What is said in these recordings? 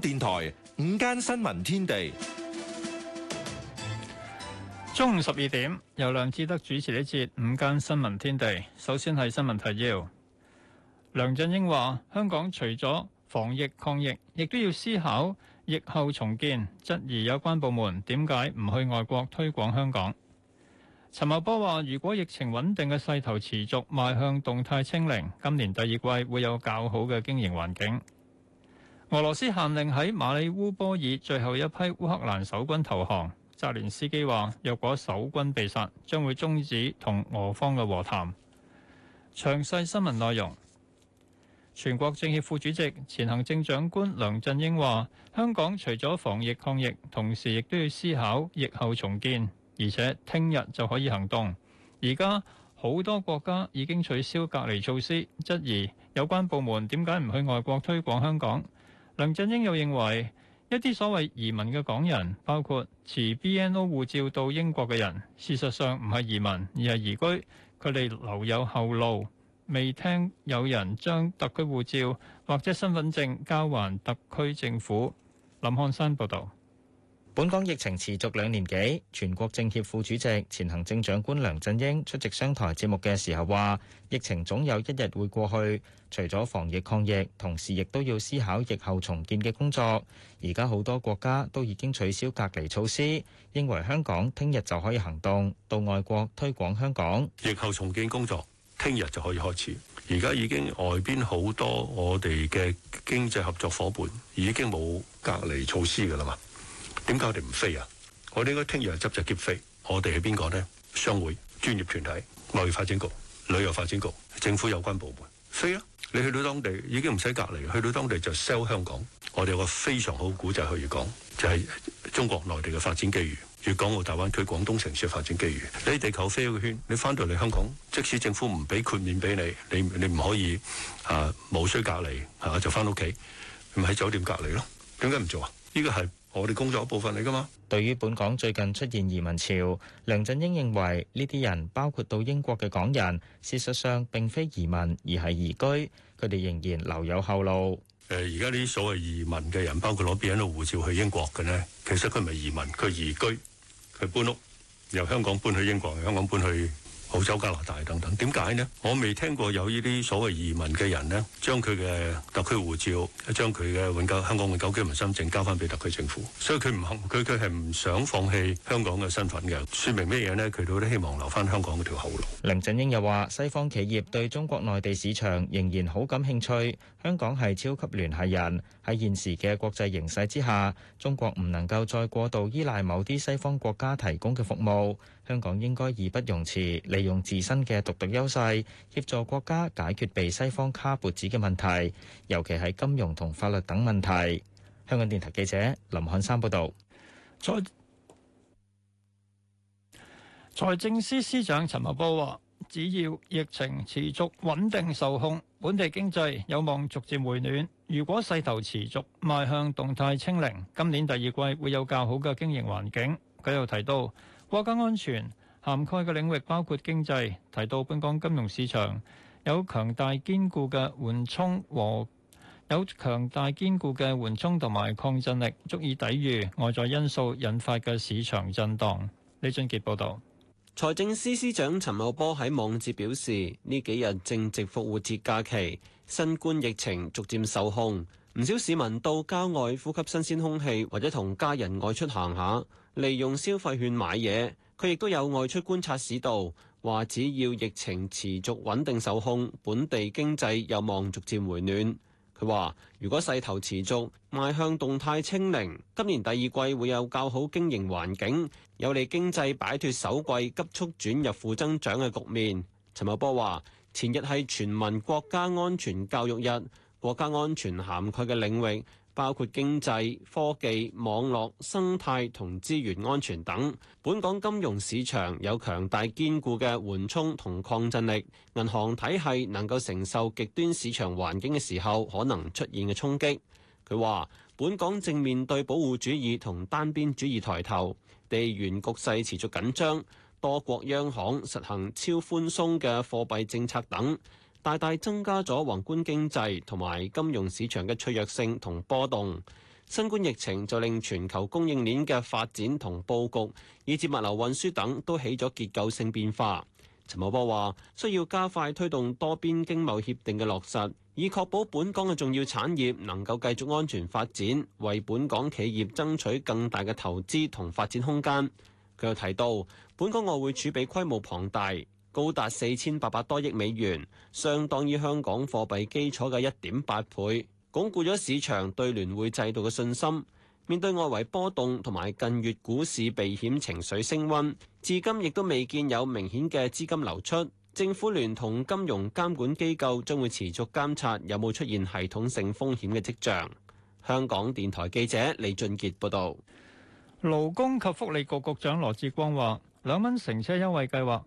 電台午間新聞天地，中午十二點，由梁志德主持呢節午間新聞天地，首先係新聞提要。梁振英話：香港除咗防疫抗疫，亦都要思考疫後重建。質疑有關部門點解唔去外國推廣香港？陳茂波話：如果疫情穩定嘅勢頭持續，邁向動態清零，今年第二季會有較好嘅經營環境。俄羅斯限令喺馬里烏波爾最後一批烏克蘭守軍投降。澤連斯基話：若果守軍被殺，將會終止同俄方嘅和談。詳細新聞內容，全國政協副主席、前行政長官梁振英話：香港除咗防疫抗疫，同時亦都要思考疫後重建，而且聽日就可以行動。而家好多國家已經取消隔離措施，質疑有關部門點解唔去外國推廣香港？梁振英又認為，一啲所謂移民嘅港人，包括持 BNO 護照到英國嘅人，事實上唔係移民，而係移居，佢哋留有後路。未聽有人將特區護照或者身份證交還特區政府。林漢山報導。本港疫情持續兩年幾，全國政協副主席、前行政長官梁振英出席商台節目嘅時候話：疫情總有一日會過去，除咗防疫抗疫，同時亦都要思考疫後重建嘅工作。而家好多國家都已經取消隔離措施，認為香港聽日就可以行動，到外國推廣香港。疫後重建工作，聽日就可以開始。而家已經外邊好多我哋嘅經濟合作伙伴已經冇隔離措施㗎啦嘛。點解我哋唔飛啊？我哋應該聽日執就即飛。我哋係邊個咧？商會、專業團體、貿易發展局、旅遊發展局、政府有關部門，飛啊！你去到當地已經唔使隔離，去到當地就 sell 香港。我哋有個非常好古仔，就去粵港，就係、是、中國內地嘅發展機遇，粵港澳大灣區、廣東城市嘅發展機遇。你地球飛一個圈，你翻到嚟香港，即使政府唔俾豁免俾你，你你唔可以啊冇需隔離啊就翻屋企，咪喺酒店隔離咯？點解唔做啊？呢個係。我哋工作一部分嚟噶嘛？對於本港最近出現移民潮，梁振英認為呢啲人包括到英國嘅港人，事實上並非移民而係移居，佢哋仍然留有後路。誒，而家呢啲所謂移民嘅人，包括攞邊喺度護照去英國嘅咧，其實佢唔係移民，佢移居，佢搬屋由香港搬去英國，由香港搬去。澳洲、加拿大等等，點解呢？我未聽過有呢啲所謂移民嘅人呢，將佢嘅特區護照，將佢嘅永久香港永久居民身證交翻俾特區政府，所以佢唔肯佢佢係唔想放棄香港嘅身份嘅。説明咩嘢呢？佢都希望留翻香港嗰條後路。梁振英又話：西方企業對中國內地市場仍然好感興趣，香港係超級聯繫人。喺現時嘅國際形勢之下，中國唔能夠再過度依賴某啲西方國家提供嘅服務。香港應該義不容辭，利用自身嘅獨特優勢，協助國家解決被西方卡脖子嘅問題，尤其係金融同法律等問題。香港電台記者林漢山報導。財財政司司長陳茂波話，只要疫情持續穩定受控，本地經濟有望逐漸回暖。如果勢頭持續邁向動態清零，今年第二季會有較好嘅經營環境。佢又提到。國家安全涵蓋嘅領域包括經濟，提到本港金融市場有強大堅固嘅緩衝和有強大堅固嘅緩衝同埋抗震力，足以抵禦外在因素引發嘅市場震盪。李俊傑報導，財政司司長陳茂波喺網誌表示，呢幾日正值復活節假期。新冠疫情逐漸受控，唔少市民到郊外呼吸新鮮空氣或者同家人外出行下，利用消費券買嘢。佢亦都有外出觀察市道，話，只要疫情持續穩定受控，本地經濟有望逐漸回暖。佢話如果勢頭持續邁向動態清零，今年第二季會有較好經營環境，有利經濟擺脱首季急速轉入負增長嘅局面。陳茂波話。前日係全民國家安全教育日，國家安全涵蓋嘅領域包括經濟、科技、網絡、生態同資源安全等。本港金融市場有強大堅固嘅緩衝同抗震力，銀行體系能夠承受極端市場環境嘅時候可能出現嘅衝擊，佢話本港正面對保護主義同單邊主義抬頭，地緣局勢持續緊張。多國央行實行超寬鬆嘅貨幣政策等，大大增加咗宏觀經濟同埋金融市場嘅脆弱性同波動。新冠疫情就令全球供應鏈嘅發展同佈局，以至物流運輸等都起咗結構性變化。陳茂波話，需要加快推動多邊經貿協定嘅落實，以確保本港嘅重要產業能夠繼續安全發展，為本港企業爭取更大嘅投資同發展空間。佢又提到。本港外匯儲備規模龐大，高達四千八百多億美元，相當於香港貨幣基礎嘅一點八倍，鞏固咗市場對聯匯制度嘅信心。面對外圍波動同埋近月股市避險情緒升溫，至今亦都未見有明顯嘅資金流出。政府聯同金融監管機構將會持續監察有冇出現系統性風險嘅跡象。香港電台記者李俊傑報導。勞工及福利局局長羅致光話。兩蚊乘車優惠計劃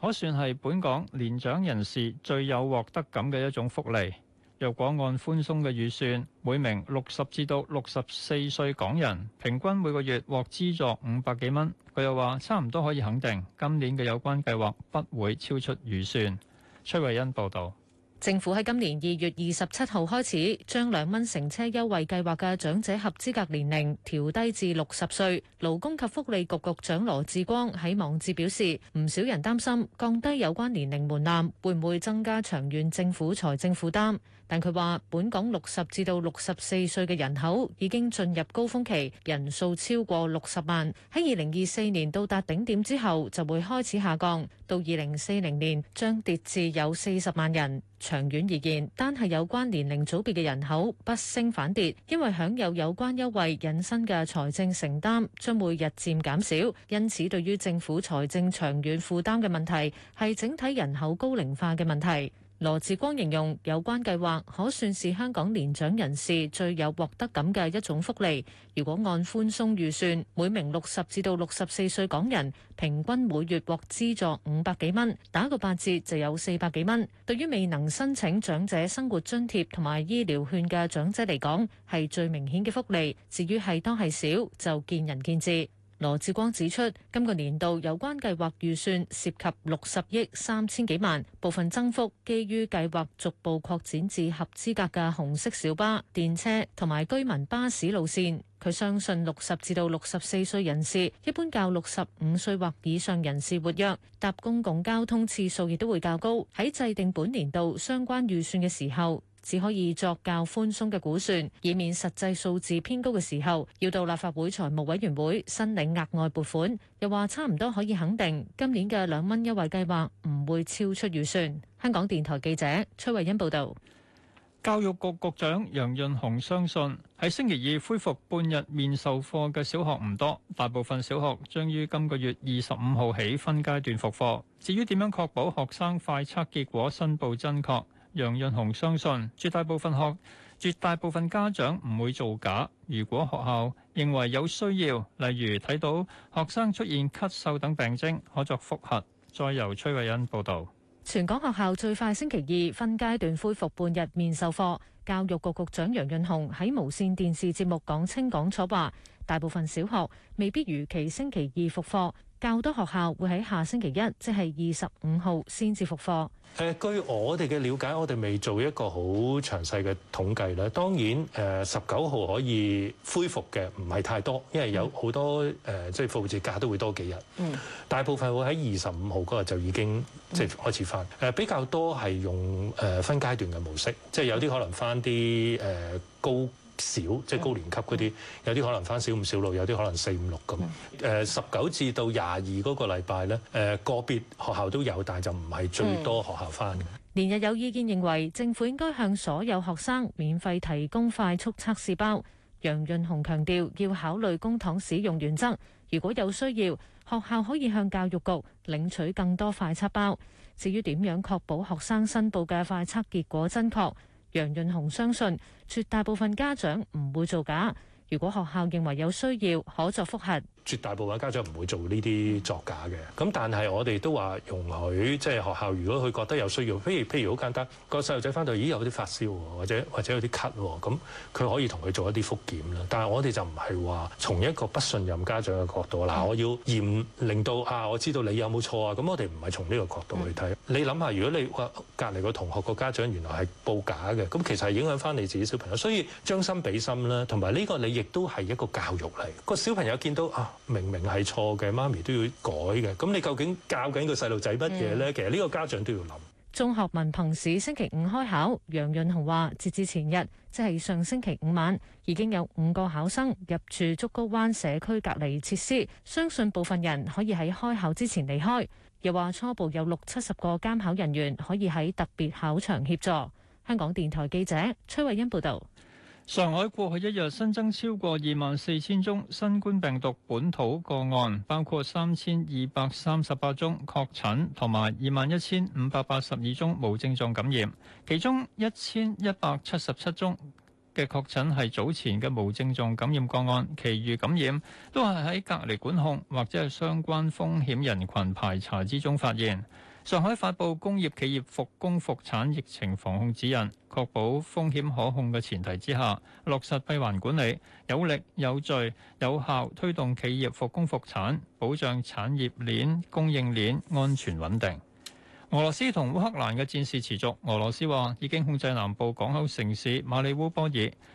可算係本港年長人士最有獲得感嘅一種福利。若果按寬鬆嘅預算，每名六十至到六十四歲港人平均每個月獲資助五百幾蚊。佢又話，差唔多可以肯定今年嘅有關計劃不會超出預算。崔慧欣報導。政府喺今年二月二十七號開始，將兩蚊乘車優惠計劃嘅長者合資格年齡調低至六十歲。勞工及福利局局長羅致光喺網誌表示，唔少人擔心降低有關年齡門檻，會唔會增加長遠政府財政負擔。但佢話，本港六十至到六十四歲嘅人口已經進入高峰期，人數超過六十萬。喺二零二四年到達頂點之後，就會開始下降，到二零四零年將跌至有四十萬人。長遠而言，單係有關年齡組別嘅人口不升反跌，因為享有有關優惠引申嘅財政承擔將會日漸減少。因此，對於政府財政長遠負擔嘅問題，係整體人口高齡化嘅問題。羅志光形容有關計劃可算是香港年長人士最有獲得感嘅一種福利。如果按寬鬆預算，每名六十至到六十四歲港人平均每月獲資助五百幾蚊，打個八折就有四百幾蚊。對於未能申請長者生活津貼同埋醫療券嘅長者嚟講，係最明顯嘅福利。至於係多係少，就見仁見智。羅志光指出，今個年度有關計劃預算涉及六十億三千幾萬，部分增幅基於計劃逐步擴展至合資格嘅紅色小巴、電車同埋居民巴士路線。佢相信，六十至到六十四歲人士，一般較六十五歲或以上人士活躍，搭公共交通次數亦都會較高。喺制定本年度相關預算嘅時候，只可以作較寬鬆嘅估算，以免實際數字偏高嘅時候，要到立法會財務委員會申領額外撥款。又話差唔多可以肯定，今年嘅兩蚊優惠計劃唔會超出預算。香港電台記者崔慧欣報道。教育局局長楊潤雄相信，喺星期二恢復半日面授課嘅小學唔多，大部分小學將於今個月二十五號起分階段復課。至於點樣確保學生快測結果申報真確？楊潤雄相信絕大部分學，絕大部分家長唔會造假。如果學校認為有需要，例如睇到學生出現咳嗽等病徵可作複核。再由崔慧欣報道。全港學校最快星期二分階段恢復半日面授課，教育局局長楊潤雄喺無綫電視節目講清講楚話。大部分小學未必如期星期二復課，較多學校會喺下星期一，即係二十五號先至復課。誒，據我哋嘅了解，我哋未做一個好詳細嘅統計啦。當然，誒十九號可以恢復嘅唔係太多，因為有好多誒、嗯呃，即係復活節假都會多幾日。嗯，大部分會喺二十五號嗰日就已經、嗯、即係開始返。誒，比較多係用誒分階段嘅模式，即係有啲可能返啲誒高少即係高年級嗰啲，有啲可能翻小五小六，有啲可能四五六咁。誒，十九至到廿二嗰個禮拜咧，誒、呃、個別學校都有，但係就唔係最多學校翻嘅。連日有意見認為，政府應該向所有學生免費提供快速測試包。楊潤雄強調，要考慮公帑使用原則，如果有需要，學校可以向教育局領取更多快測包。至於點樣確保學生申報嘅快測結果真確。楊潤雄相信，絕大部分家長唔會做假。如果學校認為有需要，可作覆核。絕大部分家長唔會做呢啲作假嘅，咁但係我哋都話容許，即係學校如果佢覺得有需要，譬如譬如好簡單，個細路仔翻到，咦有啲發燒或者或者有啲咳喎，咁佢可以同佢做一啲復檢啦。但係我哋就唔係話從一個不信任家長嘅角度，嗱、嗯，我要驗令到啊，我知道你有冇錯啊，咁我哋唔係從呢個角度去睇。嗯、你諗下，如果你話隔離個同學個家長原來係報假嘅，咁其實係影響翻你自己小朋友，所以將心比心啦，同埋呢個你亦都係一個教育嚟，個小朋友見到啊。啊啊明明係錯嘅，媽咪都要改嘅。咁你究竟教緊個細路仔乜嘢呢？嗯、其實呢個家長都要諗。中學文憑試星期五開考，楊潤雄話：截至前日，即係上星期五晚，已經有五個考生入住竹篙灣社區隔離設施。相信部分人可以喺開考之前離開。又話初步有六七十個監考人員可以喺特別考場協助。香港電台記者崔慧欣報導。上海過去一日新增超過二萬四千宗新冠病毒本土個案，包括三千二百三十八宗確診，同埋二萬一千五百八十二宗無症狀感染。其中一千一百七十七宗嘅確診係早前嘅無症狀感染個案，其餘感染都係喺隔離管控或者係相關風險人群排查之中發現。上海發布工業企業復工復產疫情防控指引，確保風險可控嘅前提之下，落實閉環管理，有力、有序、有效推動企業復工復產，保障產業鏈供應鏈安全穩定。俄羅斯同烏克蘭嘅戰事持續。俄羅斯話已經控制南部港口城市馬里烏波爾，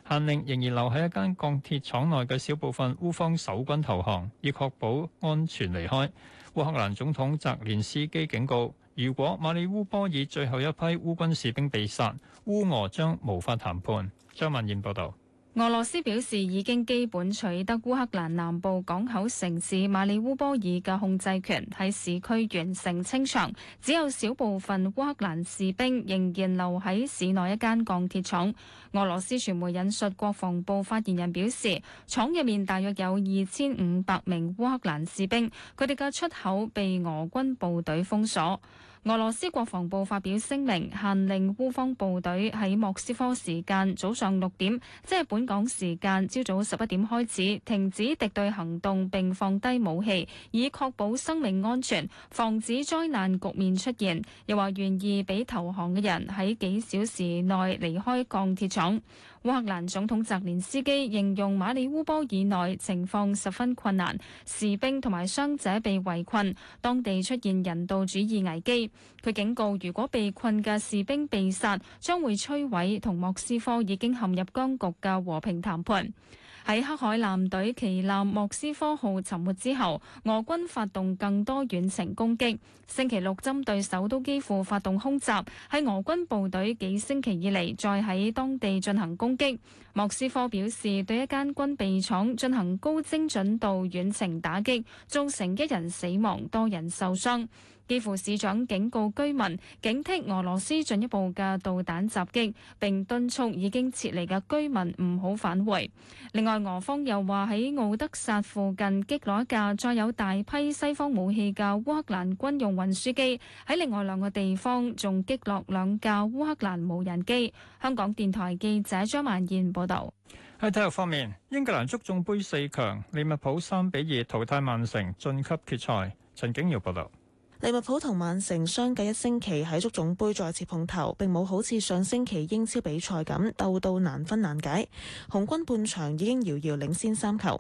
限令仍然留喺一間鋼鐵廠內嘅小部分烏方守軍投降，以確保安全離開。烏克蘭總統澤連斯基警告。如果馬里烏波爾最後一批烏軍士兵被殺，烏俄將無法談判。張文燕報導。俄羅斯表示已經基本取得烏克蘭南部港口城市馬里烏波爾嘅控制權，喺市區完成清場，只有少部分烏克蘭士兵仍然留喺市內一間鋼鐵廠。俄羅斯傳媒引述國防部發言人表示，廠入面大約有二千五百名烏克蘭士兵，佢哋嘅出口被俄軍部隊封鎖。俄羅斯國防部發表聲明，限令烏方部隊喺莫斯科時間早上六點，即係本港時間朝早十一點開始，停止敵對行動並放低武器，以確保生命安全，防止災難局面出現。又話願意俾投降嘅人喺幾小時內離開鋼鐵廠。烏克蘭總統澤連斯基形容馬里烏波爾內情況十分困難，士兵同埋傷者被圍困，當地出現人道主義危機。佢警告：如果被困嘅士兵被殺，將會摧毀同莫斯科已經陷入僵局嘅和平談判。喺黑海艦隊旗艦莫斯科號沉沒之後，俄軍發動更多遠程攻擊。星期六針對首都基輔發動空襲，喺俄軍部隊幾星期以嚟再喺當地進行攻擊。莫斯科表示，對一間軍備廠進行高精準度遠程打擊，造成一人死亡、多人受傷。幾乎市長警告居民警惕俄羅斯進一步嘅導彈襲擊，並敦促已經撤離嘅居民唔好返回。另外，俄方又話喺奧德薩附近擊落一架載有大批西方武器嘅烏克蘭軍用運輸機，喺另外兩個地方仲擊落兩架烏克蘭無人機。香港電台記者張萬燕報道。喺體育方面，英格蘭足總杯四強，利物浦三比二淘汰曼城，晉級決賽。陳景耀報道。利物浦同曼城相隔一星期喺足總盃再次碰頭，並冇好似上星期英超比賽咁鬥到難分難解。紅軍半場已經遙遙領先三球。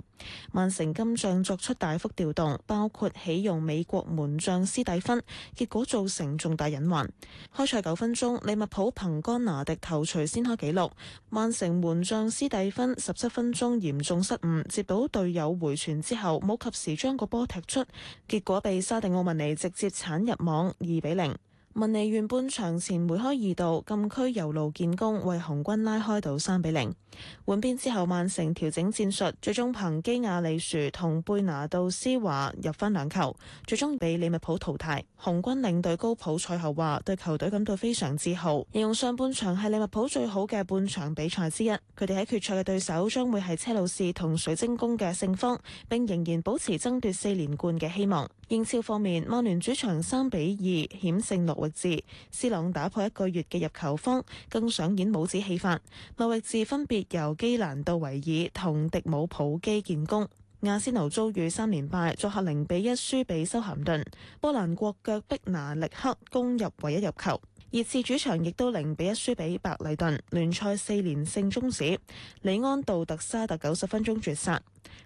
曼城今仗作出大幅調動，包括起用美國門將斯蒂芬，結果造成重大隱患。開賽九分鐘，利物浦憑干拿迪頭槌先開紀錄。曼城門將斯蒂芬十七分鐘嚴重失誤，接到隊友回傳之後冇及時將個波踢出，結果被沙迪奧文尼直接。產入網二比零。文尼院半場前梅開二度禁區右路建功，為紅軍拉開到三比零。換邊之後，曼城調整戰術，最終憑基亞利殊同貝拿度斯華入返兩球，最終畀利物浦淘汰。紅軍領隊高普賽後話：對球隊感到非常自豪，形容上半場係利物浦最好嘅半場比賽之一。佢哋喺決賽嘅對手將會係車路士同水晶宮嘅勝方，並仍然保持爭奪四連冠嘅希望。英超方面，曼聯主場三比二險勝諾。斯朗打破一個月嘅入球荒，更上演帽子戲法。諾域治分別由基蘭·杜維爾同迪姆普普基建功。阿仙奴遭遇三連敗，作客零比一輸俾修咸頓。波蘭國腳碧拿力克攻入唯一入球。熱刺主場亦都零比一輸俾白禮頓，聯賽四連勝終止。李安道特沙特九十分鐘絕殺。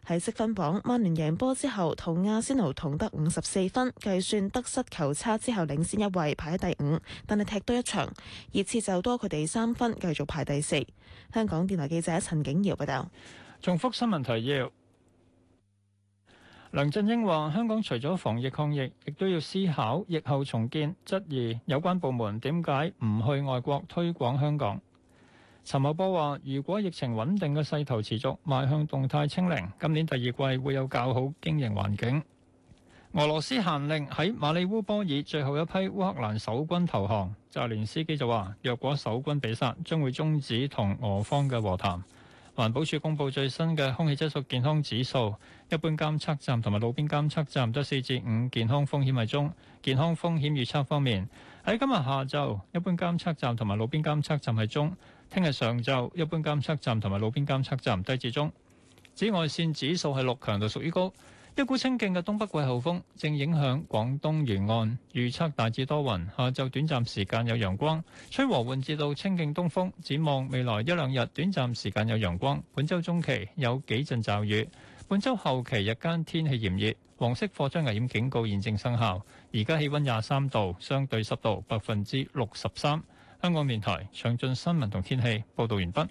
喺積分榜，曼聯贏波之後同阿仙奴同得五十四分，計算得失球差之後領先一位排喺第五，但係踢多一場，熱刺就多佢哋三分，繼續排第四。香港電台記者陳景瑤報道。重複新聞提要。梁振英話：香港除咗防疫抗疫，亦都要思考疫後重建。質疑有關部門點解唔去外國推廣香港？陳茂波話：如果疫情穩定嘅勢頭持續，邁向動態清零，今年第二季會有較好經營環境。俄羅斯限令喺馬里烏波爾最後一批烏克蘭守軍投降，澤連斯基就話：若果守軍被殺，將會中止同俄方嘅和談。環保署公布最新嘅空氣質素健康指數，一般監測站同埋路邊監測站都係四至五，健康風險係中。健康風險預測方面，喺今日下晝，一般監測站同埋路邊監測站係中；聽日上晝，一般監測站同埋路邊監測站低至中。紫外線指數係六，強度屬於高。一股清勁嘅東北季候風正影響廣東沿岸，預測大致多雲，下晝短暫時間有陽光，吹和緩至到清勁東風，展望未來一兩日短暫時間有陽光，本週中期有幾陣驟雨，本週後期日間天氣炎熱，黃色火災危險警告現正生效。而家氣溫廿三度，相對濕度百分之六十三。香港電台詳盡新聞同天氣報道完畢。